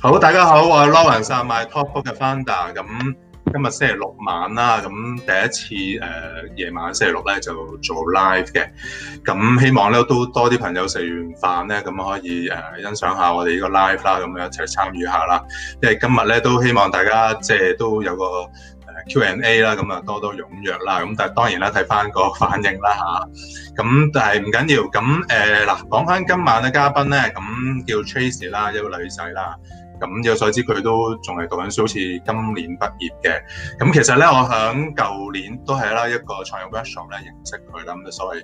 好，大家好，我係 Lawrence，我係 My Top Book 嘅 Founder。咁今日星期六晚啦，咁第一次誒、呃、夜晚星期六咧，就做 live 嘅。咁希望咧都多啲朋友食完飯咧，咁可以誒、呃、欣賞下我哋呢個 live 啦，咁樣一齊參與下啦。因為今日咧都希望大家即係都有個。Q&A 啦，咁啊多多踴躍啦，咁但係當然啦，睇翻個反應啦吓，咁、啊、但係唔緊要，咁誒嗱，講、呃、翻今晚嘅嘉賓咧，咁叫 Tracy 啦，一個女仔啦。咁、嗯、有所知，佢都仲係讀緊書，好似今年畢業嘅。咁、嗯、其實咧，我響舊年都係啦一個創業 workshop 咧認識佢啦，咁嘅所謂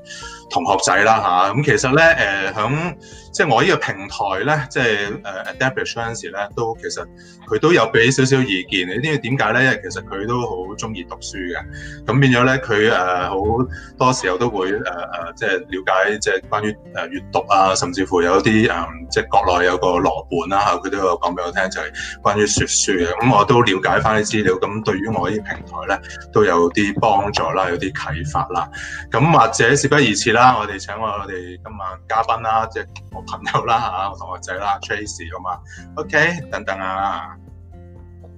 同學仔啦嚇。咁、啊嗯、其實咧誒，響、呃、即係我呢個平台咧，即係誒 adaptsurance 咧，都、呃、其實佢都有俾少少意見。因為點解咧？因為其實佢都好中意讀書嘅，咁變咗咧佢誒好多時候都會誒誒、呃，即係了解即係關於誒、呃、閱讀啊，甚至乎有啲誒、呃、即係國內有個羅本啦、啊、嚇，佢、啊、都有講俾。我聽就係、是、關於説書嘅，咁我都了解翻啲資料，咁對於我啲平台咧都有啲幫助啦，有啲啟發啦。咁或者事不宜遲啦，我哋請我我哋今晚嘉賓啦，即係我朋友啦嚇，我外仔啦 t r a c e 啊嘛，OK，等等啊。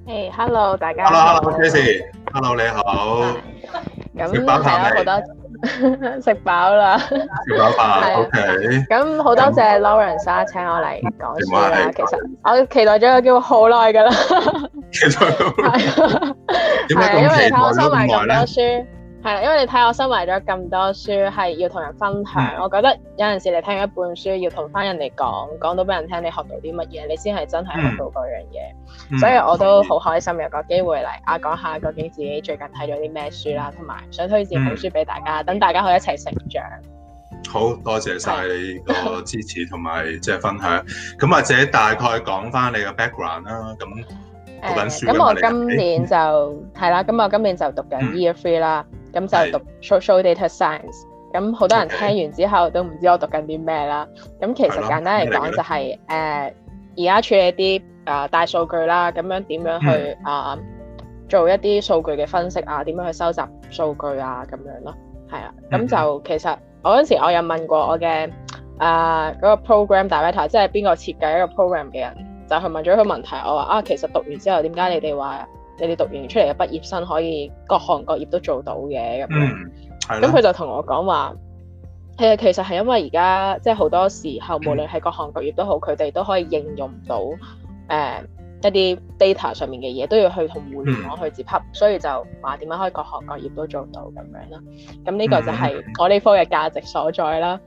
誒、uh. hey,，Hello 大家。h e l l o h e l l o t r a c e h e l l o 你好。咁係啦，好多食飽啦，係 飽了。咁好多謝 Lawrence 啊，請我嚟講書啦。其實我期待咗個機會好耐㗎啦。係 因為你睇我收埋咁多書。 係啦，因為你睇我收埋咗咁多書，係要同人分享。嗯、我覺得有陣時你聽一本書，要同翻人哋講，講到俾人聽，你學到啲乜嘢，你先係真係學到嗰樣嘢。嗯嗯、所以我都好開心有個機會嚟啊，講下究竟自己最近睇咗啲咩書啦，同埋想推薦好書俾大家，等、嗯、大家可以一齊成長。好多謝晒你個支持同埋即係分享。咁或者大概講翻你個 background 啦。咁讀緊書咁、嗯、我今年就係、嗯、啦。咁我今年就讀緊 year three 啦。咁就讀 social data science，咁好多人聽完之後 Okay. 都唔知我讀緊啲咩啦。咁其實簡單嚟講就係誒而家處理啲啊、uh, 大數據啦，咁樣點樣去啊、uh, 做一啲數據嘅分析啊，點樣去收集數據啊咁樣咯，係啊。咁就其實我嗰陣時我有問過我嘅誒嗰個 program director，即係邊個設計一個 program 嘅人，就去問咗一個問題。我話啊，其實讀完之後點解你哋話？你哋讀完出嚟嘅畢業生可以各行各業都做到嘅，咁，咁佢、嗯、就同我講話其實其實係因為而家即係好多時候，無論係各行各業都好，佢哋、嗯、都可以應用到誒、呃、一啲 data 上面嘅嘢，都要去同互聯網去接洽，嗯、所以就話點樣可以各行各業都做到咁樣啦。咁、嗯、呢、嗯、個就係我呢科嘅價值所在啦。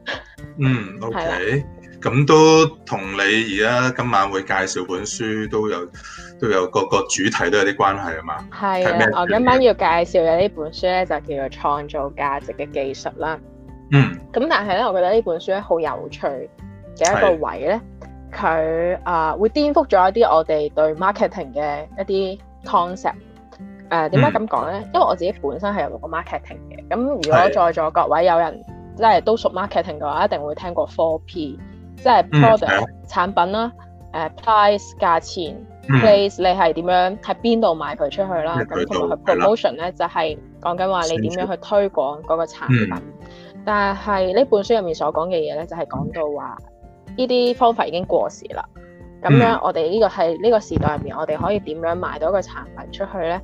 嗯，的嗯，OK，咁都同你而家今晚會介紹本書都有。都有個個主題都有啲關係啊嘛，係啊。我今晚要介紹嘅呢本書咧，就叫做《創造價值嘅技術》啦。嗯，咁但係咧，我覺得呢本書咧好有趣嘅一個位咧，佢啊是、呃、會顛覆咗一啲我哋對 marketing 嘅一啲 concept。誒點解咁講咧？為呢嗯、因為我自己本身係有讀 marketing 嘅。咁如果在座各位有人即係都熟 marketing 嘅話，一定會聽過 Four P，即係 product、嗯、產品啦，誒、呃、price 價錢。Place、嗯、你係點樣喺邊度賣佢出去啦？咁到同埋佢 promotion 咧就係講緊話你點樣去推廣嗰個產品。嗯、但係呢本書入面所講嘅嘢咧就係講到話呢啲方法已經過時啦。咁、嗯、樣我哋呢個係呢、呢個時代入面，我哋可以點樣賣到一個產品出去咧？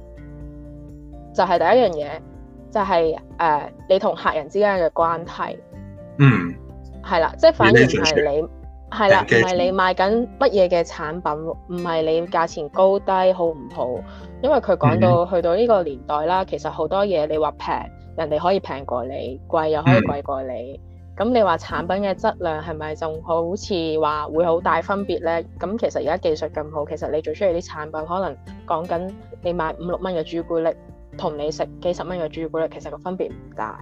就係、是、第一樣嘢，就係、是、誒、呃、你同客人之間嘅關係。嗯。係啦，即、就、係、是、反而係你。嗯嗯。係啦，唔係你賣緊乜嘢嘅產品，唔係你價錢高低好唔好，因為佢講到去到呢個年代啦，其實好多嘢你話平，人哋可以平過你，貴又可以貴過你。咁、嗯、你話產品嘅質量係咪仲好似話會好大分別呢？咁其實而家技術咁好，其實你做出嚟啲產品，可能講緊你買五六蚊嘅朱古力同你食幾十蚊嘅朱古力，其實個分別唔大。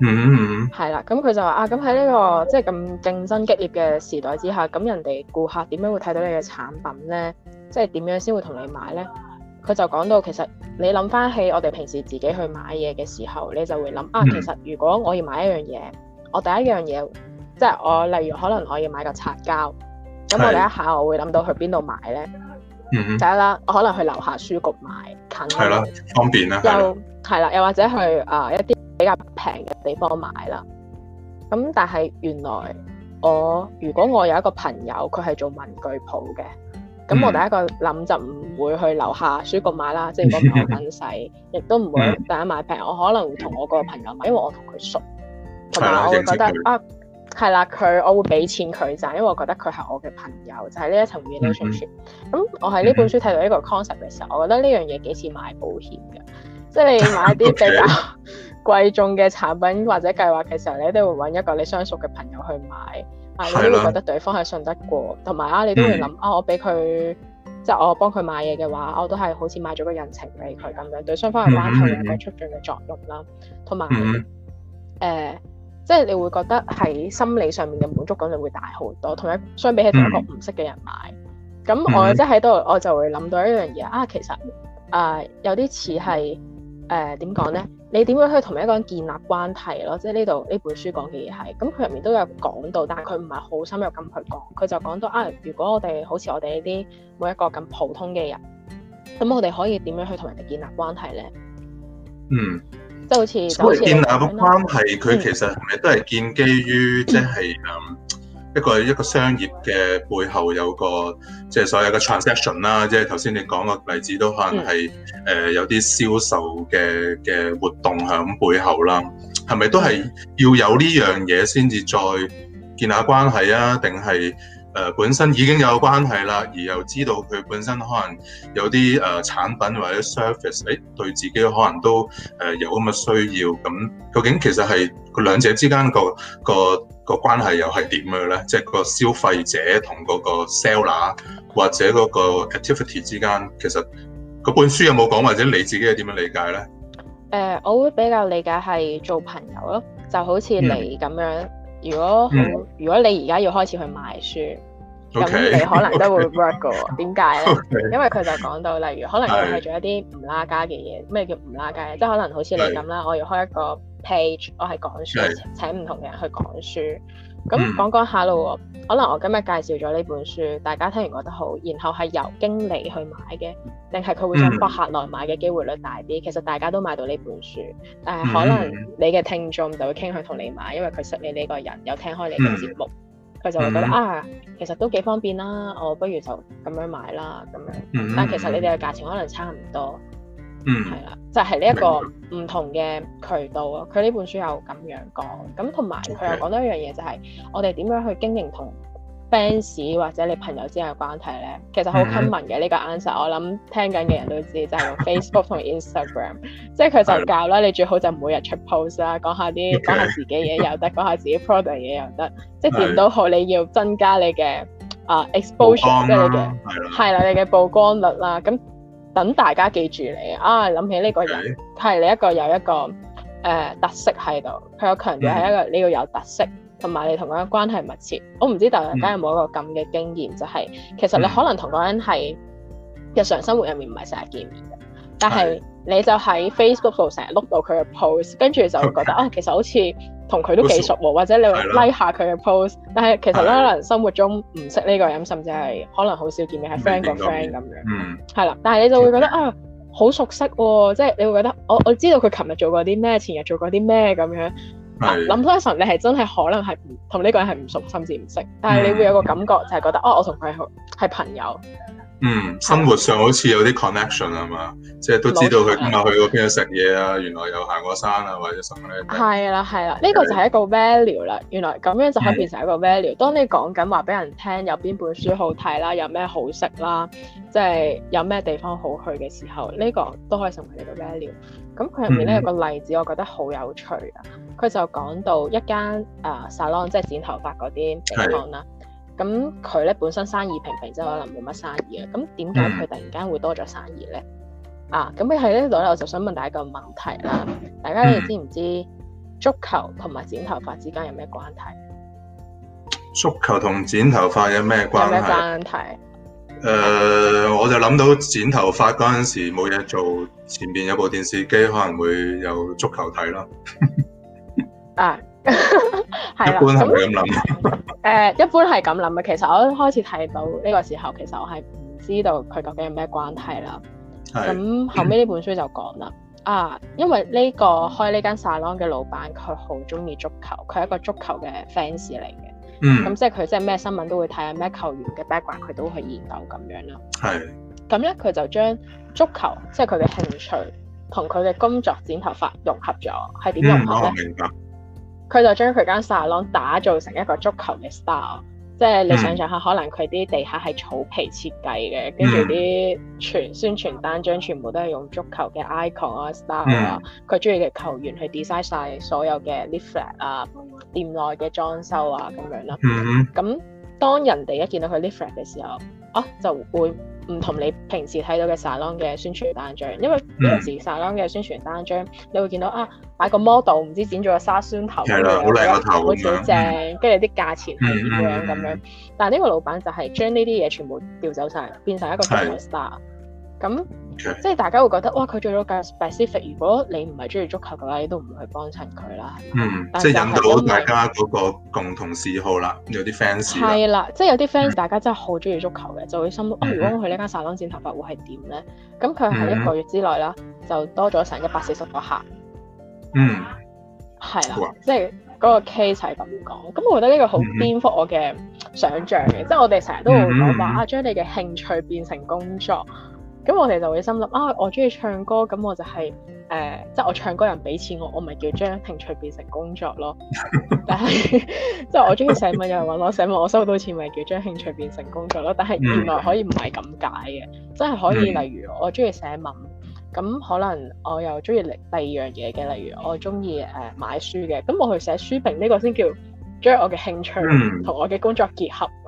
嗯，係啦、mm，咁、hmm, 佢 就話啊，咁喺呢個即係咁競爭激烈嘅時代之下，咁人哋顧客點樣會睇到你嘅產品呢？即係點樣先會同你買呢？」佢就講到，其實你諗翻起我哋平時自己去買嘢嘅時候，你就會諗啊，其實如果我要買一樣嘢，我第一樣嘢即係我例如可能我要買個擦膠，咁我第一下我會諗到去邊度買呢？Mm hmm, 第一啦，我可能去樓下書局買，近係咯，方便啦、啊，又係啦的對，又或者去啊、呃、一啲。比較平嘅地方買啦，咁但係原來我如果我有一個朋友佢係做文具鋪嘅，咁我第一個諗就唔會去樓下書局買啦，即係嗰個品質亦都唔會第一買平，我可能同我嗰個朋友買，因為我同佢熟，同埋我會覺得啊係、啊、啦，佢我會俾錢佢就賺，因為我覺得佢係我嘅朋友，就係呢一層 relationship。咁我喺呢本書睇到一個 concept 嘅時候，我覺得呢樣嘢幾似買保險噶。即係 Okay. caracter 經 過 你買啲比較貴重嘅產品或者計劃嘅時候，你都會揾一個你相熟嘅朋友去買啊，啊。你都會覺得對方係信得過，同埋啊，你都會諗啊，我俾佢即係我幫佢買嘢嘅話，我都係好似買咗個人情俾佢咁樣，對雙方嘅關係有啲促進嘅作用啦。同埋誒，即係你會覺得喺心理上面嘅滿足感就會大好多，同埋相比起同一個唔識嘅人買咁，嗯、我即係喺度我就會諗到一樣嘢啊。其實啊，有啲似係。誒，點講咧？你點樣去同每一個人建立關係咯？即係呢度呢本書講嘅嘢係咁，佢入面都有講到，但係佢唔係好深入咁去講，佢就講到啊、呃！如果我哋好似我哋呢啲每一個咁普通嘅人，咁我哋可以點樣去同人哋建立關係咧？嗯，即係好似。就好似所以建立關係，佢其實同你都係建基於即係嗯。就是 um, 一個一個商業嘅背後有個即係、就是、所有嘅 transaction 啦，即係頭先你講個例子都可能係誒、嗯呃、有啲銷售嘅嘅活動喺背後啦，係咪都係要有呢樣嘢先至再建下關係啊？定係？誒、呃、本身已經有關係啦，而又知道佢本身可能有啲誒、呃、產品或者 service，誒對自己可能都誒有咁嘅需要。咁究竟其實係個兩者之間個個個關係又係點樣咧？即、就、係、是、個消費者同嗰個 seller 或者嗰個 activity 之間，其實個本書有冇講，或者你自己係點樣理解咧？誒、呃，我會比較理解係做朋友咯，就好似你咁樣、嗯。如果、嗯、如果你而家要開始去買書，咁 Okay, 你可能都會 work 嘅喎？點解咧？Okay, 因為佢就講到，例如可能你係做一啲唔拉家嘅嘢。咩的叫唔拉家？即係可能好似你咁啦，的我要開一個 page，我係講書，的請唔同嘅人去講書。咁講講下咯喎，可能我今日介紹咗呢本書，大家聽完覺得好，然後係由經理去買嘅，定係佢會將博客嚟買嘅機會率大啲？嗯、其實大家都買到呢本書，但係可能你嘅聽眾就會傾向同你買，因為佢識你呢個人，有聽開你嘅節目，佢、嗯、就會覺得、嗯、啊，其實都幾方便啦，我不如就咁樣買啦咁樣。但其實你哋嘅價錢可能差唔多。嗯，係啦，就係呢一個唔同嘅渠道咯。佢呢本書又咁樣講，咁同埋佢又講到一樣嘢，就係我哋點樣去經營同 fans 或者你朋友之間嘅關係咧，其實好 common 嘅呢個 answer。嗯、我諗聽緊嘅人都知，就係、係、用 Facebook 同 Instagram，即係佢就教啦。你最好就每日出 post 啦，講下啲講下自己嘢又得，講下自己 product 嘢又得，即係點都好，你要增加你嘅、uh, 啊 exposure，你嘅係啦，你嘅曝光率啦，咁。等大家記住你啊！諗起呢個人係 Okay. 你一個有一個誒、呃、特色喺度，佢有強調係一個、mm hmm. 你要有特色，同埋你同嗰個人關係密切。我唔知大家有冇一個咁嘅經驗，mm hmm. 就係其實你可能同嗰個人係日常生活入面唔係成日見面嘅，但係你就喺 Facebook 度成日碌到佢嘅 post，跟住就覺得 Okay. 啊，其實好似～同佢都幾熟喎，熟或者你拉、like、下佢嘅 post 的但係其實咧可能生活中唔識呢個人，甚至係可能好少見面，係 friend 個 friend 咁樣，係啦。但係你就會覺得、嗯、啊，好熟悉喎、哦，即、就、係、是、你會覺得我我知道佢琴日做過啲咩，前日做過啲咩咁樣。諗多的一層，你係真係可能係唔同呢個人係唔熟，甚至唔識，但係你會有個感覺就係覺得、嗯、哦，我同佢係係朋友。嗯，生活上好似有啲 connection 啊嘛，即係都知道佢今日去過邊度食嘢啊，冇錯，原來又行過山啊，或者什麼咧。係啦係啦，呢個就係一個 value 啦。原來咁樣就可以變成一個 value、嗯。當你講緊話俾人聽有邊本書好睇啦，有咩好食啦，即、就、係、是、有咩地方好去嘅時候，呢、這個都可以成為你個 value。咁佢入面咧有個例子，我覺得好有趣啊。佢、嗯、就講到一間誒、uh, salon，即係剪頭髮嗰啲地方啦。咁佢咧本身生意平平，即係可能冇乜生意啊。咁點解佢突然間會多咗生意咧？啊，咁喺呢度咧，我就想問大家一個問題啦。大家你知唔知足球同埋剪頭髮之間有咩關係？足球同剪頭髮有咩關係？有咩關係？誒，我就諗到剪頭髮嗰陣時冇嘢做，前邊有部電視機可能會有足球睇咯。啊！係啦，咁誒、 嗯，一般係咁諗嘅。其實我一開始睇到呢個時候，其實我係唔知道佢究竟有咩關係啦。咁是後尾呢本書就講啦，嗯、啊，因為呢個開呢間沙龍嘅老闆，佢好中意足球，佢係一個足球嘅 fans 嚟嘅。嗯。咁即係佢即係咩新聞都會睇啊，咩球員嘅 background、er、佢都去研究咁樣啦。係是。咁咧，佢就將足球即係佢嘅興趣同佢嘅工作剪頭髮融合咗，係點融合咧？嗯，我明白佢就將佢間 salon 打造成一個足球嘅 style，即係你想像下、mm hmm. 可能佢啲地下係草皮設計嘅，跟住啲全宣傳單張全部都係用足球嘅 icon 啊、style 啊，佢中意嘅球員去 design 晒所有嘅 leaflet 啊、店內嘅裝修啊咁樣啦、啊。咁、mm hmm. 當人哋一見到佢 leaflet 嘅時候，哦、啊、就會。唔同你平時睇到嘅 salon 嘅宣傳單張，因為平時 salon 嘅宣傳單張，嗯、你會見到啊，擺個 model 唔知剪咗個沙宣頭，係啊，好靚頭好似好正，跟住啲價錢係點樣咁樣，嗯嗯嗯、但呢個老闆就係將呢啲嘢全部調走晒，變成一個 c o 咁那 Okay. 即係大家會覺得哇，佢做咗個 specific。如果你唔係中意足球嘅話，你都唔會去幫襯佢啦。嗯，嗯，即係引到大家嗰個共同嗜好啦。有啲 fans 係啦，即係有啲 fans，、嗯、大家真係好中意足球嘅，就會心諗、哦、如果我去呢間沙朗剪頭髮會，會係點咧？咁佢喺一個月之內啦，就多咗成一百四十個客。嗯，係啦的，哇即係嗰、那個 case 係咁講。咁我覺得呢個好顛覆我嘅想像嘅，嗯、即係我哋成日都會講話啊，將、嗯、你嘅興趣變成工作。咁我哋就會心諗啊，我中意唱歌，咁我就係、是、誒，即、呃、係、就是、我唱歌人俾錢我，我咪叫、， 就是、叫將興趣變成工作咯。但係即係我中意寫文，有人揾我寫文，我收到錢咪叫將興趣變成工作咯。但係原來可以唔係咁解嘅，即、就、係、是、可以、嗯、例如我中意寫文，咁可能我又中意第第二樣嘢嘅，例如我中意誒買書嘅，咁我去寫書評呢、這個先叫將我嘅興趣同我嘅工作結合。嗯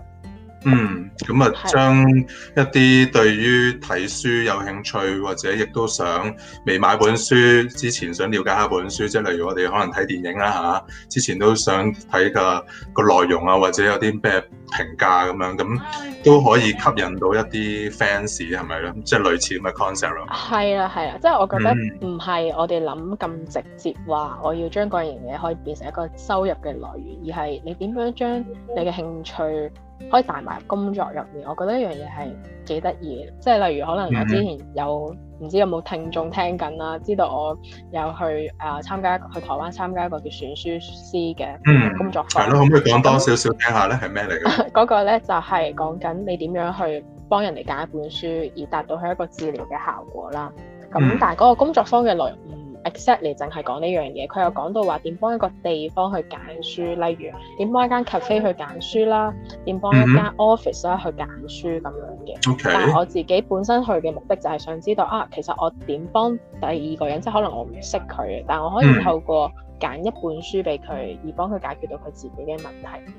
嗯，咁啊，將一啲對於睇書有興趣，或者亦都想未買本書之前，想了解下本書，即係例如我哋可能睇電影啦吓，之前都想睇嘅個內容啊，或者有啲咩評價咁樣，咁都可以吸引到一啲 fans 係咪咧？即係類似咁嘅 concept 咯。係啊係啊，即係我覺得唔係我哋諗咁直接話、嗯，我要將嗰樣嘢可以變成一個收入嘅來源，而係你點樣將你嘅興趣。可以帶埋工作入面，我覺得呢樣嘢係幾得意。即係例如，可能我之前有唔、嗯、知有冇聽眾聽緊啦，知道我有去誒、呃、參加去台灣參加一個叫選書師嘅工作坊。係咯、嗯，可唔可以講多少少聽下咧？係咩嚟嘅？嗰個咧就係、是、講緊你點樣去幫人哋揀一本書，而達到佢一個治療嘅效果啦。咁、嗯、但係嗰個工作坊嘅內容。exactly，淨係講呢樣嘢，佢又講到話點幫一個地方去揀書，例如點幫一間 cafe 去揀書啦，點幫一間 office 啦去揀書咁、mm hmm. 樣嘅。Okay. 但係我自己本身去嘅目的就係想知道啊，其實我點幫第二個人，即係可能我唔識佢，但我可以透過揀一本書俾佢，而、mm hmm. 幫佢解決到佢自己嘅問題。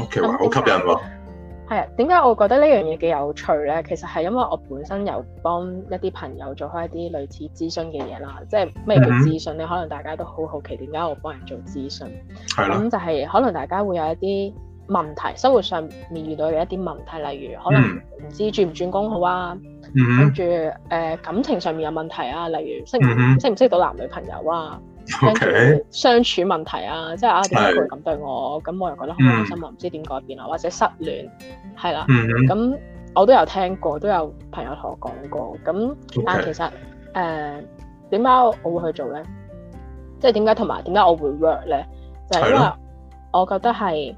OK，好吸引喎。係啊，點解我覺得呢樣嘢幾有趣咧？其實係因為我本身有幫一啲朋友做開一啲類似諮詢嘅嘢啦，即係咩叫諮詢咧？Mm hmm. 可能大家都好好奇點解我幫人做諮詢，咁、mm hmm. 就係可能大家會有一啲問題，生活上面遇到嘅一啲問題，例如可能唔知轉唔轉工好啊，mm hmm. 跟住誒、呃、感情上面有問題啊，例如識唔、mm hmm. 識唔識到男女朋友啊。相處 Okay. 相處問題啊，即係啊，點解會咁對我，咁的我又覺得好開心啊，唔、嗯、知點改變啊，或者失戀係啦，咁、嗯嗯、我都有聽過，都有朋友同我講過，咁 Okay. 但係其實誒點解我會去做咧？即係點解同埋點解我會 work 咧？就係、是、因為我覺得係，的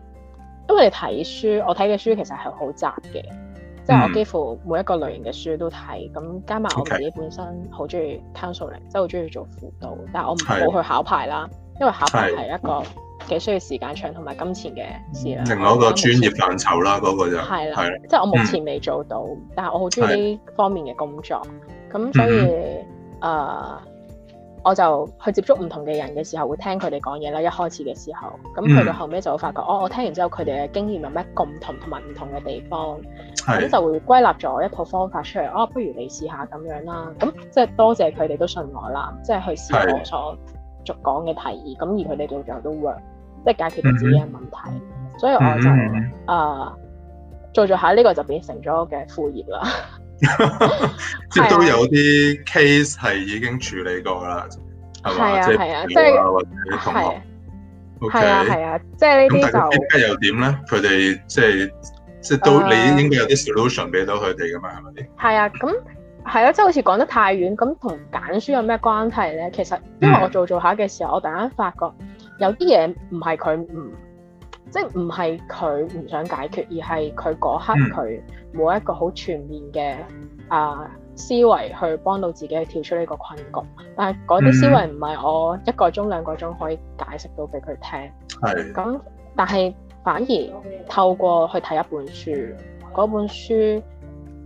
因為你睇書，我睇嘅書其實係好雜嘅。即係我幾乎每一個類型嘅書都睇，咁加埋我自己本身好中意 counseling，即係好中意做輔導，但係我唔好去考牌啦，的因為考牌係一個幾需要時間長同埋金錢嘅事啦。另外一個專業範疇啦，嗰、嗰個就係啦，即係我目前未做到，嗯、但係我好中意呢方面嘅工作，咁的所以誒。嗯嗯呃我就去接觸唔同嘅人嘅時候，會聽佢哋講嘢啦。一開始嘅時候，咁去到後尾就會發覺，我、嗯哦、我聽完之後，佢哋嘅經驗有咩共同同埋唔同嘅地方，咁是就會歸納咗一套方法出嚟。哦，不如你試下咁樣啦。咁即係多謝佢哋都信我啦，即係去試我所續講嘅提議。咁是而佢哋到最後都 work，即係解決咗自己嘅問題。嗯嗯所以我就啊，做做下呢個就變成咗我嘅副業啦。即係都有啲 case 係已經處理過啦，係嘛，即係表啊或者同學，OK 係啊，即係呢啲就咁，但又點咧？佢哋即係即係都，你應該有啲 solution 俾到佢哋噶嘛？係咪？係啊，咁係啊，即係好似講得太遠，咁同揀書有咩關係咧？其實因為我做做下嘅時候，嗯、我突然間發覺有啲嘢唔係佢唔。即係唔係佢唔想解決，而係佢嗰刻佢冇一個好全面嘅、嗯、啊思維去幫到自己去跳出呢個困局。但係嗰啲思維唔係我一個鐘兩個鐘可以解釋到俾佢聽。係的。咁但係反而透過去睇一本書，嗰本書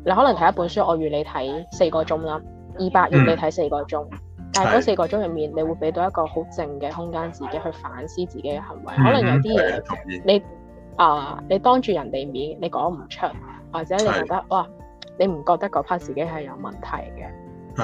你可能睇一本書，我預你睇四個鐘啦，二百頁你睇四個鐘。嗯嗯喺嗰 對四個鐘入面，你會俾到一個好靜嘅空間，自己去反思自己嘅行為。可能有啲嘢、嗯、你啊、呃，你當住人哋面你講唔出，或者你覺得的哇，你唔覺得嗰 part 自己係有問題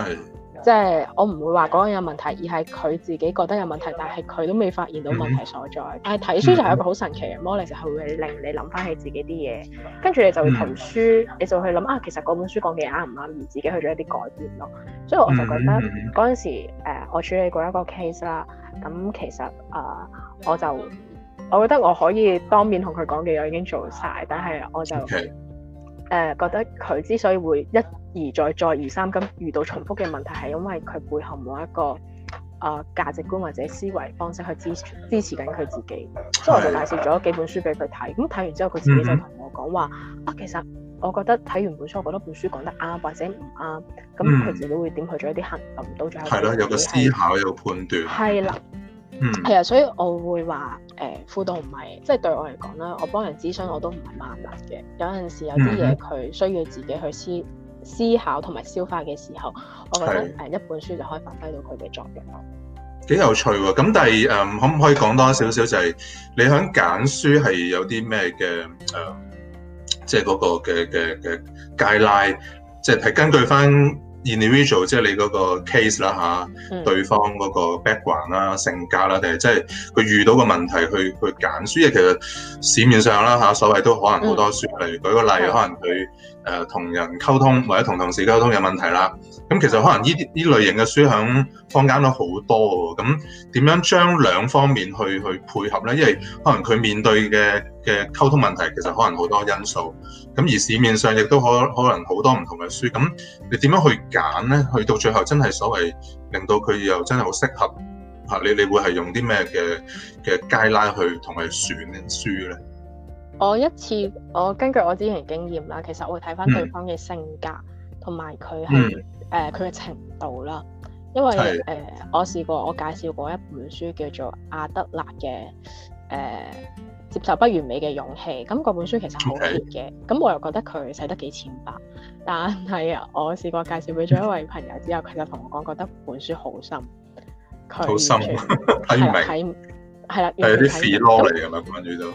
嘅。即係我唔會話嗰個人有問題，而係佢自己覺得有問題，但係佢都未發現到問題所在。Mm hmm. 但係睇書就係一個好神奇嘅魔力，就係會令你諗翻起自己啲嘢，跟住你就會同書，mm hmm. 你就去諗啊，其實嗰本書講嘅嘢啱唔啱，而自己去做一啲改變咯。所以我就覺得嗰陣、mm hmm. 時、呃、我處理過一個 case 啦。咁其實啊、呃，我就我覺得我可以當面同佢講嘅嘢已經做晒，但係我就誒、呃、覺得佢之所以會一而再再而三，咁遇到重複嘅問題，係因為佢背後冇一個啊、呃、價值觀或者思維方式去支支持緊佢自己。的所以我就介紹咗幾本書俾佢睇，咁睇完之後，佢自己、嗯、哼就同我講話：「啊，其實我覺得睇完本書，我覺得本書講得啱或者唔啱，咁佢自己會點去做一啲行動。」到最後，係咯，有個思考有個判斷，係啦的，的嗯哼，係啊，所以我會話：呃「誒，輔導唔係，即、就、係、是、對我嚟講啦，我幫人諮詢我都唔係萬能嘅，有陣時有啲嘢佢需要自己去思。思考同埋消化嘅時候，我覺得誒一本書就可以發揮到佢嘅作用咯。幾有趣喎！咁但係誒，可唔可以講多少少、就係嗯，就係你喺揀書係有啲咩嘅誒？即係嗰個嘅嘅嘅界內，即係係根據翻 individual，即係你嗰個 case 啦嚇，嗯、對方嗰個 background 啦、性格啦，定係即係佢遇到個問題去去揀書。因為其實市面上啦嚇，所謂都可能好多書，嗯、例如舉個例，的可能佢。誒同、呃、人溝通或者同同事溝通有問題啦，咁其實可能呢啲呢類型嘅書響坊間都好多喎，咁點樣將兩方面去去配合呢？因為可能佢面對嘅嘅溝通問題其實可能好多因素，咁而市面上亦都可可能好多唔同嘅書，咁你點樣去揀呢？去到最後真係所謂令到佢又真係好適合吓你，你會係用啲咩嘅嘅 guideline 去同佢選書呢？我一次，我根據我之前經驗啦，其實我會睇翻對方嘅性格同埋佢係誒佢嘅程度啦。因為誒，我試過我介紹過一本書叫做阿德勒嘅誒《接受不完美嘅勇氣》。咁、嗯、嗰本書其實好熱嘅，咁 Okay. 我又覺得佢寫得幾淺白。但係我試過介紹俾咗一位朋友之後，佢就同我講覺得本書好深，佢好睇唔明。很深 不完 係啦，係有啲 f i 嚟噶嘛，關於都。誒、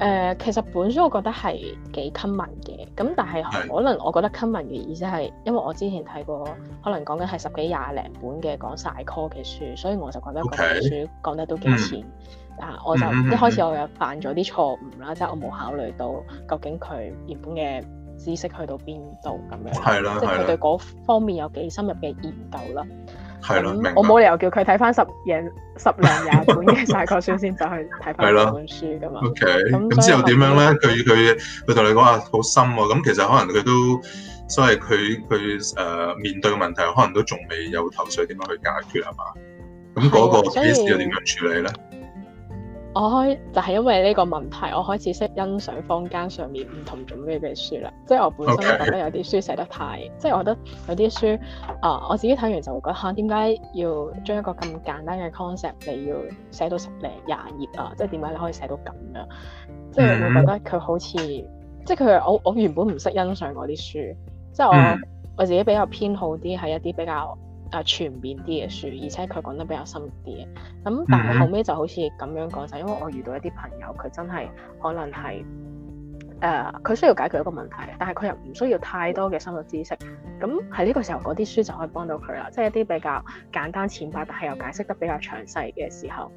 呃，其實本書我覺得係幾 common 嘅，咁但係可能我覺得 common 嘅意思係，因為我之前睇過，可能講緊係十幾廿零本嘅講曬科嘅書，所以我就覺得嗰本書講得都幾淺。啊，Okay. 我就、嗯、一開始我又犯咗啲錯誤啦，即係、嗯嗯嗯、我冇考慮到究竟佢原本嘅知識去到邊度咁樣。係啦的，即係佢對嗰方面有幾深入嘅研究啦。係咯，嗯、明我冇理由叫佢睇翻十廿十兩廿本嘅大概書先走去睇翻本書噶嘛。 OK，咁之後點樣咧？佢佢佢同你講話，好深喎、哦。咁其實可能佢都，所謂佢佢誒面對嘅問題，可能都仲未有頭緒點樣去解決係嘛？咁嗰個 case 又點的樣處理咧？我開就係因為呢個問題，我開始識欣賞坊間上面唔同種類嘅書啦。即係我本身都覺得有啲書寫得太，Okay. 即係我覺得有啲書啊，我自己睇完就會覺得嚇，啊，點解要將一個咁簡單嘅 concept 你要寫到十零廿頁啊？即係點解你可以寫到咁樣？即係會覺得佢好似，mm hmm. 即係佢我我原本唔識欣賞嗰啲書，即係我、mm hmm. 我自己比較偏好啲係一啲比較全面啲嘅書，而且佢講得比較深入啲嘅。咁但係後尾就好似咁樣講，就因為我遇到一啲朋友，佢真係可能係誒，佢、呃、需要解決一個問題，但係佢又唔需要太多嘅深入知識。咁喺呢個時候，嗰啲書就可以幫到佢啦。即、就、係、是、一啲比較簡單淺白，但係又解釋得比較詳細嘅時候。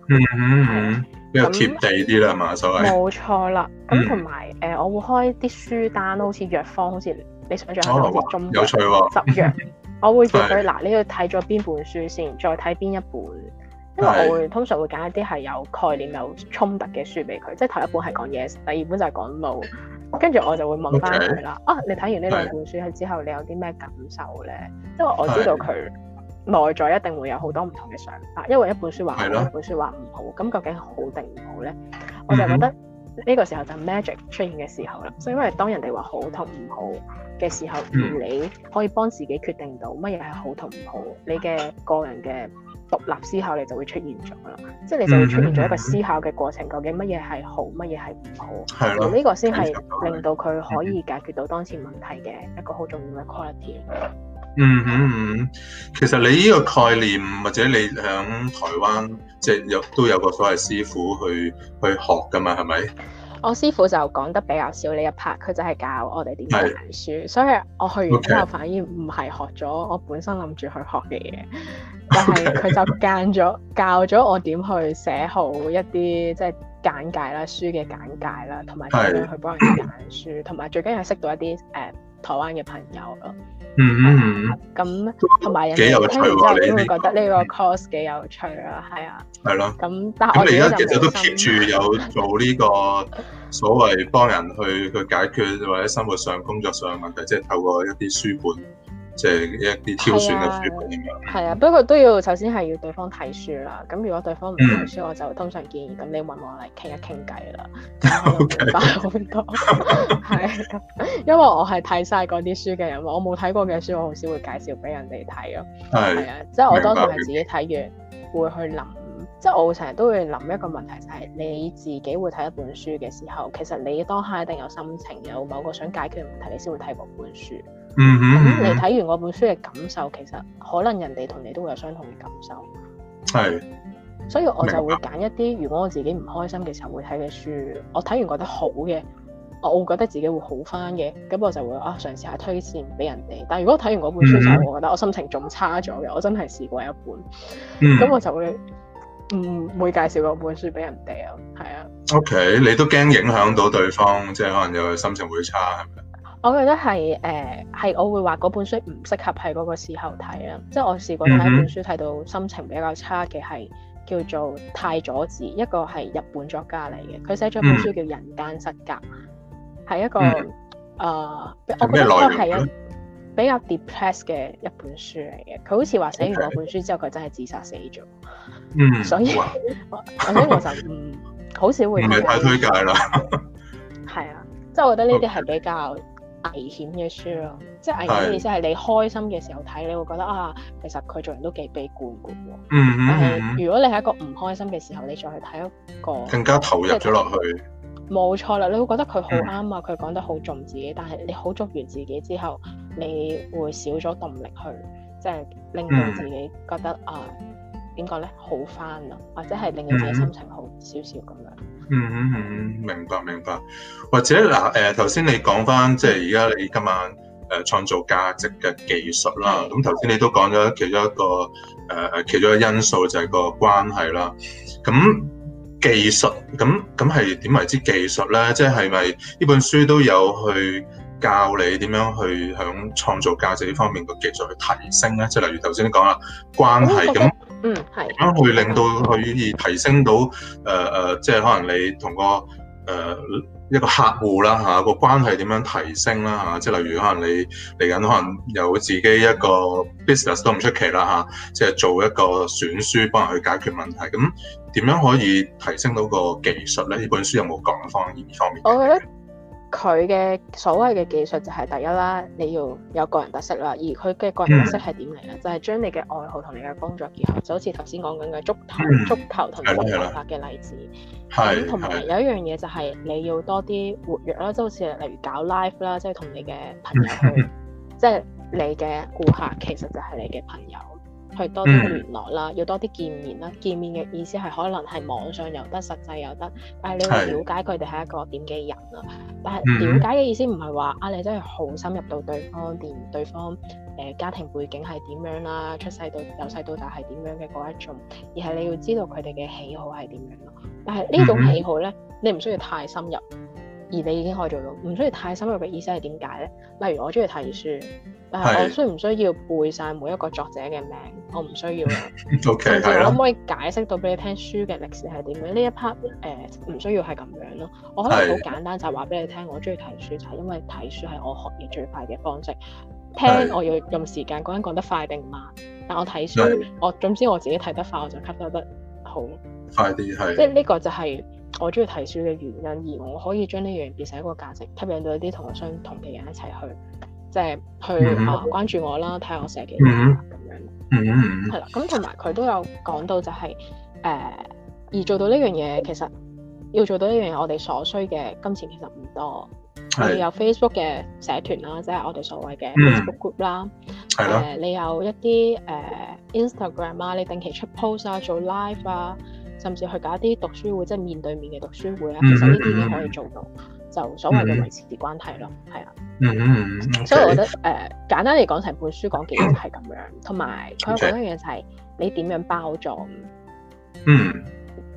比較貼地啲啦嘛，那所謂。冇錯啦。咁同埋誒，我會開啲書單，好似藥方，好似你想象下，哦、好似中藥、有趣喎、哦，執十藥。 我會叫佢嗱的，你要睇咗邊本書先，再睇邊一本，因為我會的通常會揀一啲係有概念有衝突嘅書俾佢，即係頭一本係講 yes，第二本就係講 no。跟住我就會問翻佢啦。Okay. 啊，你睇完呢兩本書之後，的你有啲咩感受咧？因為我知道佢內在一定會有好多唔同嘅想法，因為一本書話好，的一本書話唔好，咁究竟好定唔好咧？我就覺得。嗯呢個時候就 magic 出現嘅時候啦，所以因為當人哋話好同唔好嘅時候，而、嗯、你可以幫自己決定到乜嘢係好同唔好，你嘅個人嘅獨立思考你就會出現咗啦，即係你就會出現咗一個思考嘅過程，究竟乜嘢係好，乜嘢係唔好，咁呢的個先係令到佢可以解決到當前問題嘅一個好重要嘅 quality。嗯嗯嗯，其實你呢個概念或者你喺台灣即係有都有個所謂師傅去去學㗎嘛，係咪？我師傅就講得比較少呢一 part，佢就係教我哋點揀書，的所以我去完之後 Okay. 反而唔係學咗我本身諗住去學嘅嘢，但係佢就間咗教咗我點去寫好一啲即係簡介啦，書嘅簡介啦，同埋點樣去幫人揀書，同埋 最緊要係識到一啲誒、uh, 台灣嘅朋友咯。 嗯，嗯，咁同埋有幾有趣喎！你你、呢個、覺得呢個 course 幾有趣啊？係啊，係咯、嗯。咁但係我哋而家其實都 keep 住有做呢、呢個 所謂幫人去去解決或者生活上、工作上嘅問題，即、就、係、是、透過一啲書本。即係一啲挑選嘅書啊，啊？不過都要首先係要對方睇書啦。咁如果對方唔睇書，嗯、我就通常建議咁你揾我嚟傾一傾偈啦， 就可能明白好多。係咁， 因為我係睇晒嗰啲書嘅人，我冇睇過嘅書，我好少會介紹俾人哋睇咯。係啊是，即係、就是、我當年當時係自己睇完，白會去諗，即、就、係、是、我成日都會諗一個問題，就係、是、你自己會睇一本書嘅時候，其實你當下一定有心情，有某個想解決嘅問題，你先會睇嗰本書。嗯咁、嗯、你睇完嗰本書嘅感受，其實可能人哋同你都會有相同嘅感受。係，所以我就會揀一啲如果我自己唔開心嘅時候會睇嘅書，明白我睇完覺得好嘅，我會覺得自己會好返嘅，咁我就會啊嘗試下推薦俾人哋。但係如果睇完嗰本書、嗯、就我覺得我心情仲差咗嘅，我真係試過一本，咁、嗯、我就會唔、嗯、會介紹嗰本書俾人哋啊？係啊。OK，你都驚影響到對方，即係可能有心情會差。我覺得係誒係，我會話嗰本書唔適合喺嗰個時候睇啦。即係我試過睇一本書，睇到心情比較差嘅係叫做《太宰治》，一個係日本作家嚟嘅，佢寫咗本書叫《人間失格》，係一個誒，我覺得係一比較 depress 嘅一本書嚟嘅。佢好似話寫完嗰本書之後，佢真係自殺死咗。嗯，所以所以我就唔好少會睇，推介啦。係啊，即係我覺得呢啲係比較。危險嘅書咯，啊，即係危險嘅意思係你開心嘅時候睇，是你會覺得啊，其實佢做人都幾悲觀嘅喎。嗯，但係是、嗯、如果你係一個唔開心嘅時候，你再去睇一個更加投入咗落去。冇錯啦，你會覺得佢好啱啊，佢講、嗯、得好重自己。但係你好捉完自己之後，你會少咗動力去，即、就、係、是、令到自己覺得、嗯、啊，點講咧好翻啊，或者係令到自己心情好少少咁樣。嗯嗯嗯嗯，明白明白。或者嗱，誒頭先你講翻，即係而家你今晚誒創造價值嘅技術啦。咁頭先你都講咗其中一個誒誒、呃、其中一個因素就係個關係啦。咁技術咁咁係點為之技術咧？即係係咪呢本書都有去教你點樣去響創造價值呢方面個技術去提升咧？即係例如頭先你講啦，關係咁。嗯，係點樣令到可以提升到誒誒、呃呃，即係可能你同個誒、呃、一個客戶啦嚇、啊、個關係點樣提升啦嚇、啊，即係例如可能你嚟緊可能有自己一個 business 都唔出奇啦嚇、啊，即係做一個選書幫人去解決問題，咁點樣可以提升到個技術咧？呢本書有冇講方呢方面？哦。佢嘅所謂嘅技術就係第一啦，你要有個人特色啦，而佢嘅個人特色係點嚟咧？嗯、就係將你嘅愛好同你嘅工作結合，就好似頭先講緊嘅足球、足球同埋頭髮嘅例子。係，同埋有一樣嘢就係你要多啲活躍啦，即係好似例如搞 live 啦，即係同你嘅朋友去，即係 你嘅顧客其實就係你嘅朋友。去多啲聯絡啦，要多啲見面啦。見面嘅意思係可能係網上有得，實際有得。但係你要了解佢哋係一個點嘅人啊。的但係了解嘅意思唔係話啊，你真係好深入到對方，連對方誒、呃、家庭背景係點樣啦，出世到由細到大係點樣嘅嗰一種，而係你要知道佢哋嘅喜好係點樣咯。但係呢種喜好咧，你唔需要太深入，而你已經可以做到。唔需要太深入嘅意思係點解咧？例如我中意睇書。誒，但我需唔需要背晒每一個作者嘅名？我唔需要啦。 o Okay , K，我可唔可以解釋到俾你聽書嘅歷史係點樣？呢一 part，誒唔需要係咁樣咯。我可以好簡單就話俾你聽， 我中意睇書就係因為睇書係我學嘢最快嘅方式。聽我要用時間，嗰陣講得快定慢，但我睇書， 我總之我自己睇得快， 我就吸收得好快啲係。即係呢個就係我中意睇書嘅原因，而我可以將呢樣變成一個價值，吸引到一啲同我相同嘅人一齊去。即係去啊關注我啦，睇、mm hmm. 我寫幾多咁樣，係啦、mm。咁同埋佢都有講到就係、是、誒、呃、而做到呢樣嘢，其實要做到呢樣嘢，我哋所需嘅金錢其實唔多。你是有 Facebook 嘅社團啦，即係我哋所謂嘅 Facebook group 啦。係你有一啲誒、呃、Instagram 啊，你定期出 post 啊，做 live 啊，甚至去搞一啲讀書會，即、就、係、是、面對面嘅讀書會啊。其實呢啲嘢可以做到。Mm hmm. 就所謂嘅維持嘅關係咯，係啊、mm，所以我覺得誒、簡單嚟講，成本書講嘅嘢係咁樣，同埋佢有講一樣嘢就係你點樣包裝？嗯、mm，hmm.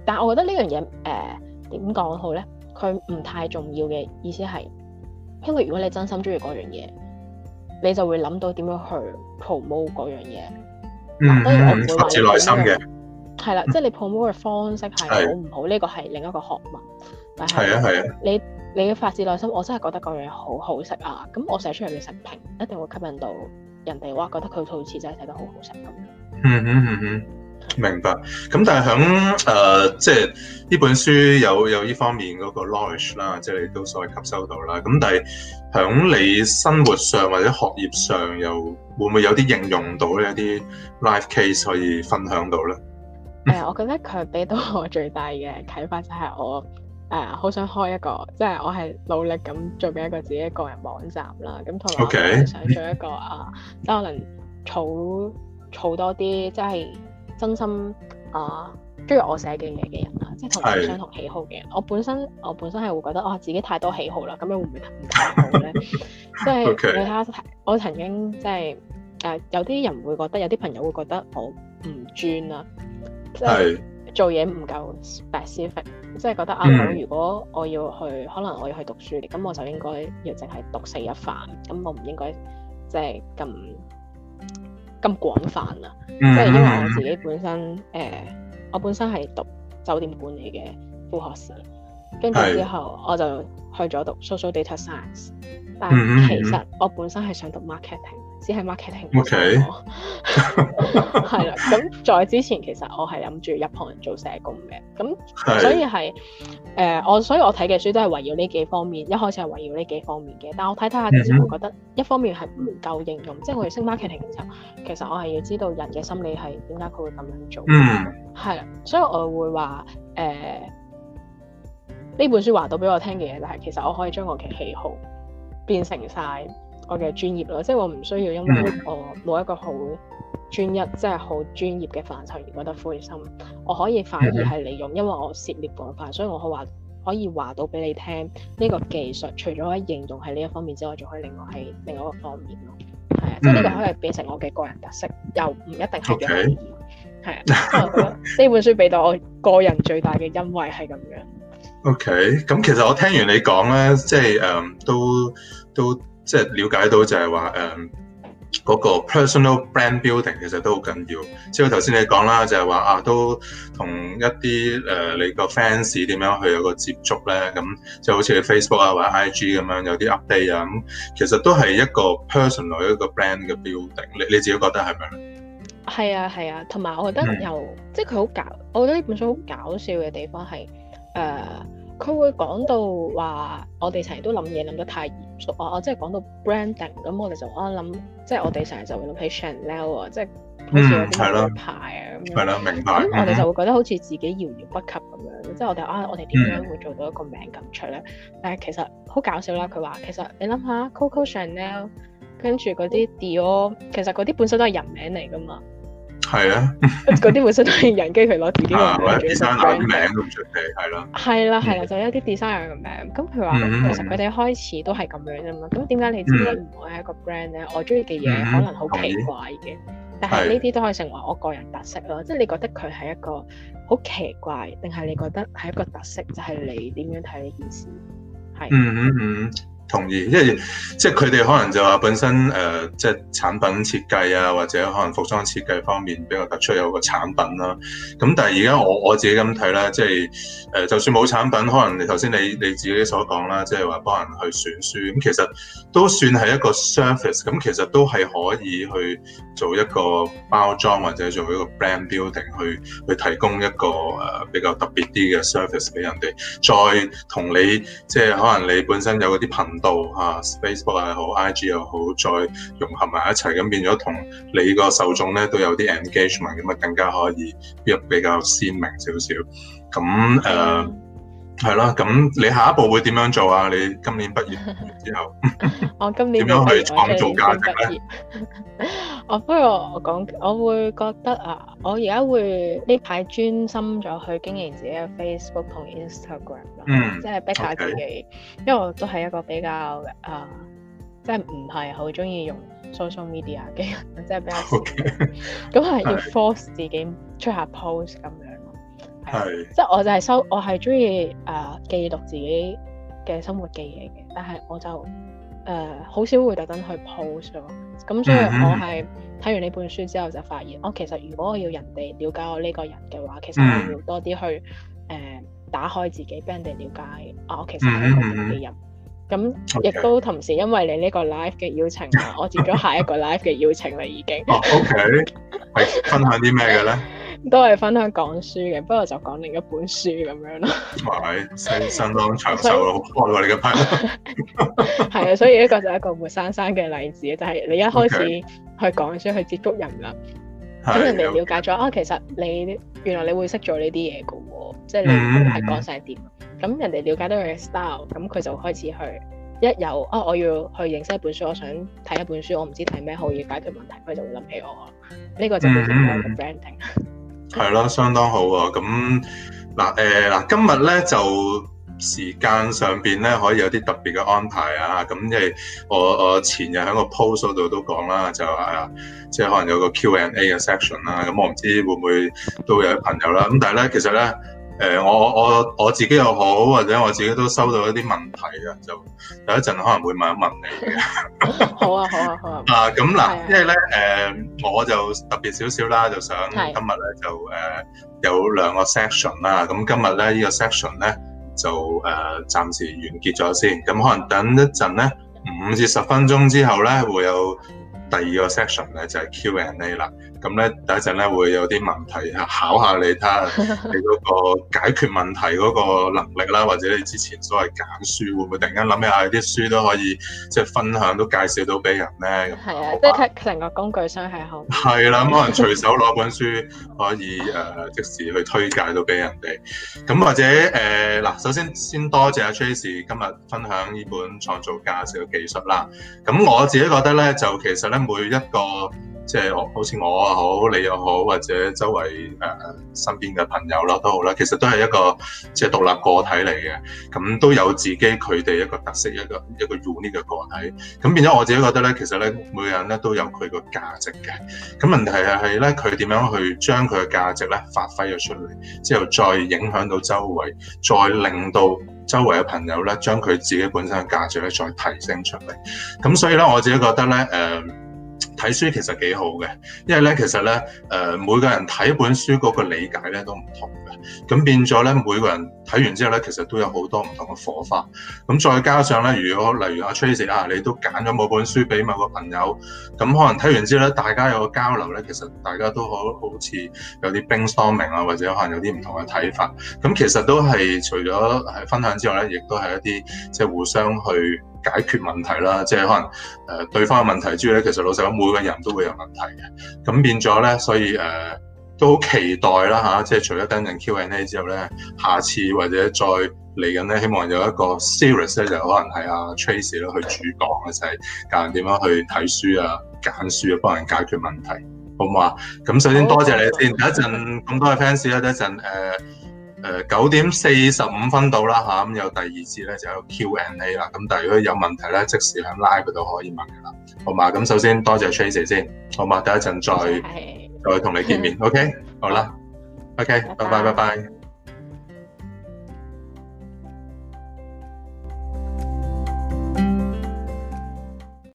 但係我覺得、呃、呢樣嘢誒，點講好咧？佢唔太重要嘅意思係，因為如果你真心中意嗰樣嘢，你就會諗到點樣去 promote 嗰樣嘢。嗯嗯，發自內心嘅。係啦、嗯，即係、就是、你 promote 嘅方式係好唔好？呢個係另一個學問。係啊係啊，你。你嘅發自內心，我真係覺得嗰樣好好食啊！咁我寫出嚟嘅食評，一定會吸引到人哋哇，覺得佢好似真係寫得好好食咁。嗯嗯嗯嗯，明白。咁但係喺誒，即係呢本書有有呢方面嗰個 knowledge 啦，即係你都所謂吸收到啦。咁但係喺你生活上或者學業上，又會唔會有啲應用到呢一啲 life case 可以分享到咧？誒、嗯， 我覺得佢俾到我最大嘅啟發就係我。誒，好、uh, 想開一個，即、就、係、是、我係努力咁做緊一個自己嘅個人網站啦。咁同埋我想做一個 Okay. 啊，即係可能儲儲多啲，即係真心啊，中意我寫嘅嘢嘅人啦，即係同我相同喜好嘅人 我。我本身我本身係會覺得，我、啊、自己太多喜好啦，咁樣會唔會唔太好咧？即係你睇下，我曾經即係誒，就是 uh, 有啲人會覺得，有啲朋友會覺得我唔專啦。係、就是。 做嘢唔夠 specific，即係覺得啊，嗯、如果我要去，可能我要去讀書嘅，咁我就應該要淨係讀死一範，咁我唔應該即係咁咁廣泛喇。嗯、即係因為我自己本身誒、呃，我本身係讀酒店管理嘅副學士，跟住之後我就去咗讀 social data science，但係其實我本身係想讀 marketing。只係 marketing，OK 係啦。咁 Okay. 在之前其實我係諗住入行做社工嘅，咁所以係誒我，所以我睇嘅書都係圍繞呢幾方面。一開始係圍繞呢幾方面嘅，但我睇睇下之前，其實我覺得一方面係唔夠應用，即係、mm. 我哋識 marketing 嘅時候，其實我係要知道人嘅心理係點解佢會咁樣做。嗯，係啦，所以我會話誒呢本書話到俾我聽嘅嘢，就係其實我可以將我嘅喜好變成晒。我嘅專業咯，即係我唔需要因為我冇一個好專一，mm. 即係好專業嘅範疇而覺得灰心。我可以反而係利用，mm. 因為我涉獵廣泛，所以我可話可以話到俾你聽，呢、呢個技術除咗可以應用喺呢一方面之外，仲可以另外係另外一個方面咯。係啊，mm. 即係呢個可以變成我嘅個人特色，又唔一定係專業。係啊，呢本書俾到我個人最大嘅欣慰係咁樣。OK，咁其實我聽完你講咧，即係誒都都。都都即係了解到就係話誒嗰個 personal brand building 其實都好緊要，即係頭先你講啦，就係話啊都同一啲誒、呃、你個 fans 點樣去有個接觸咧，咁就好似你 Facebook 啊或者 IG 咁樣有啲 update 啊咁，其實都係一個 personal 一個 brand 嘅 building。你你自己覺得係咪？係啊係啊，同埋、啊、我覺得又、嗯、即係佢好搞，我覺得呢本書好搞笑嘅地方係誒。呃佢會講到話，我哋成日都諗嘢諗得太嚴肅啊！我即係講到 branding，咁、嗯、我哋就啊、嗯、諗、嗯，即係我哋成日就會諗起 Chanel 啊，即係好似啲名牌啊咁啦，名牌、嗯。嗯嗯、我哋就會覺得好似自己遙遙不及咁樣。即係我哋啊，我哋點樣會做到一個名咁出咧？但、嗯、係、嗯、其實好搞笑啦！佢話其實你諗下，Coco Chanel 跟住嗰啲 Dior 其實嗰啲本身都係人名嚟噶嘛。係啊，嗰啲本身都係人跟佢攞自己嘅 designer 名都唔出奇，係啦、啊，係啦，係啦了、嗯，就係、一啲 designer 嘅名，咁佢話其實佢哋一開始都係咁樣啊嘛，咁點解你點解唔開一個 brand 咧？嗯、我中意嘅嘢，可能好奇怪嘅，嗯、但係呢啲都可以成為我個人特色咯。即係你覺得佢係一個好奇怪，定係你覺得係一個特色，就係、是、你點樣睇呢件事？係。同意，因為即係佢哋可能就話本身誒、呃、即係產品設計啊，或者可能服裝設計方面比較突出有個產品啦、啊。咁但係而家我我自己咁睇啦，即係誒、呃、就算冇產品，可能你頭先你你自己所講啦，即係話幫人去選書，咁其實都算係一個 service，咁其實都係可以去做一個包裝或者做一個 brand building 去去提供一個誒、呃、比較特別啲嘅 service 俾人哋，再同你即係可能你本身有啲朋度嚇、啊，Facebook 又好，IG 又好，再融合埋一齊，咁變咗同你個受眾咧都有啲 engagement，咁啊更加可以入比較鮮明少少，咁誒。Uh, 係啦，咁你下一步會點樣做啊？你今年畢業之後，我今年點樣去創造價值咧？我不如我講，我會覺得啊，我而家會呢排專心咗去經營自己嘅 Facebook 同 Instagram，嗯、即係逼下自己，okay. 因為我都係一個比較啊、呃，即係唔係好中意用 social media 嘅，即係比較咁係 Okay. 要 force 自己出下 post 咁樣。係，是即係我就係收，我係中意誒記錄自己嘅生活嘅嘢嘅，但係我就誒好、呃、少會特登去 post 咗。咁所以我係睇完呢本書之後就發現，我、嗯嗯哦、其實如果我要人哋了解我呢個人嘅話，其實我要多啲去誒、呃、打開自己俾人哋了解。啊，我其實係一個點嘅人。咁亦都同時因為你呢個 live 嘅邀請我接咗下一個 live 嘅邀請你已經。 OK 係分享啲咩嘅咧？ 都係分享講書嘅，不過就講另一本書咁樣咯。哇，相當長壽咯，開過你嘅朋友係啊，所以呢個就係一個活生生嘅例子。就係、是、你一開始去講書 Okay. 去接觸人啦，咁 Okay. 人哋了解咗啊 Okay.、哦，其實你原來你會識做呢啲嘢嘅喎，即、就、係、是、你係講晒點。咁、mm hmm. 人哋了解到你嘅 style，咁佢就開始去一有啊、哦，我要去認識一本書，我想睇一本書，我唔知睇咩好，要解決問題，佢就會諗起我。呢、mm hmm. 個就叫做一個 branding。係咯，相當好喎、啊。咁嗱誒嗱，今日咧就時間上邊咧可以有啲特別嘅安排啊。咁即係我我前日喺個 post 度都講啦，就啊，即、就、係、係、可能有個 Q and A 嘅 section 啦、啊。咁我唔知會唔會都會有啲朋友啦、啊。咁但係咧，其實咧。誒、呃、我我我自己又好，或者我自己都收到一啲問題啊，就有一陣可能會問一問你嘅、 啊。好啊好啊好啊。好啊咁嗱，因為咧誒，我就特別少少啦，就想今日咧就誒、呃、有兩個 section 啦、啊。咁、嗯、今日咧呢、呢個 section 咧就誒、呃、暫時完結咗先，咁、嗯、可能等一陣咧五至十分鐘之後咧會有。第二個 section 咧就係、是、Q&A 啦，咁咧等一陣咧會有啲問題吓考下你，睇下你嗰個解決問題嗰個能力啦，或者你之前所謂揀書會唔會突然間諗一下啲書都可以即係分享，都介紹到俾人咧？係啊，吧即係睇成個工具箱係好。係啦、啊，可能隨手攞本書可以誒、呃、即時去推介到俾人哋。咁或者誒嗱、呃，首先先多謝阿 Tracy 今日分享呢本《創造價值嘅技術》啦。咁、嗯、我自己覺得咧，就其實咧。每一個即係我，好似我又好，你又好，或者周圍誒、呃、身邊嘅朋友啦，都好啦，其實都係一個即係獨立個體嚟嘅，咁都有自己佢哋一個特色，一個一個 unique 嘅個體。咁變咗我自己覺得咧，其實咧，每個人咧都有佢個價值嘅。咁問題係係咧，佢點樣去將佢嘅價值咧發揮咗出嚟，之後再影響到周圍，再令到周圍嘅朋友咧，將佢自己本身嘅價值咧再提升出嚟。咁所以咧，我自己覺得咧，誒、呃。睇書其實幾好嘅，因為呢，其實呢，誒、呃、每個人睇本書嗰個理解呢都唔同嘅，咁變咗呢每個人。睇完之後咧，其實都有好多唔同嘅火花。咁再加上咧，如果例如阿 Tracy 啊，你都揀咗某本書俾某個朋友，咁可能睇完之後咧，大家有個交流咧，其實大家都好好似有啲冰 storming 啊，或者可能有啲唔同嘅睇法。咁其實都係除咗係分享之外咧，亦都係一啲即係互相去解決問題啦。即係可能誒對方嘅問題之外咧，其實老實講，每個人都會有問題嘅。咁變咗咧，所以誒。呃都好期待啦吓，啊，即係除咗等陣 Q&A 之後咧，下次或者再嚟緊咧，希望有一個 series 咧，就可能係阿 Tracy 咯去主講嘅，的就係教人點樣去睇書啊、揀書啊，幫人解決問題，好嘛？咁首先多謝，謝你先，等一陣咁多嘅 fans 咧，等一陣誒誒九點四十五分到啦吓，咁，啊、有第二節咧就有 Q&A 啦，咁但係如果有問題咧，即時喺 live 度可以問嘅啦，好嘛？咁首先多謝，謝 Tracy 先，好嘛？等一陣再。再同你見面，嗯，OK，好啦，OK，拜拜，拜拜。拜拜。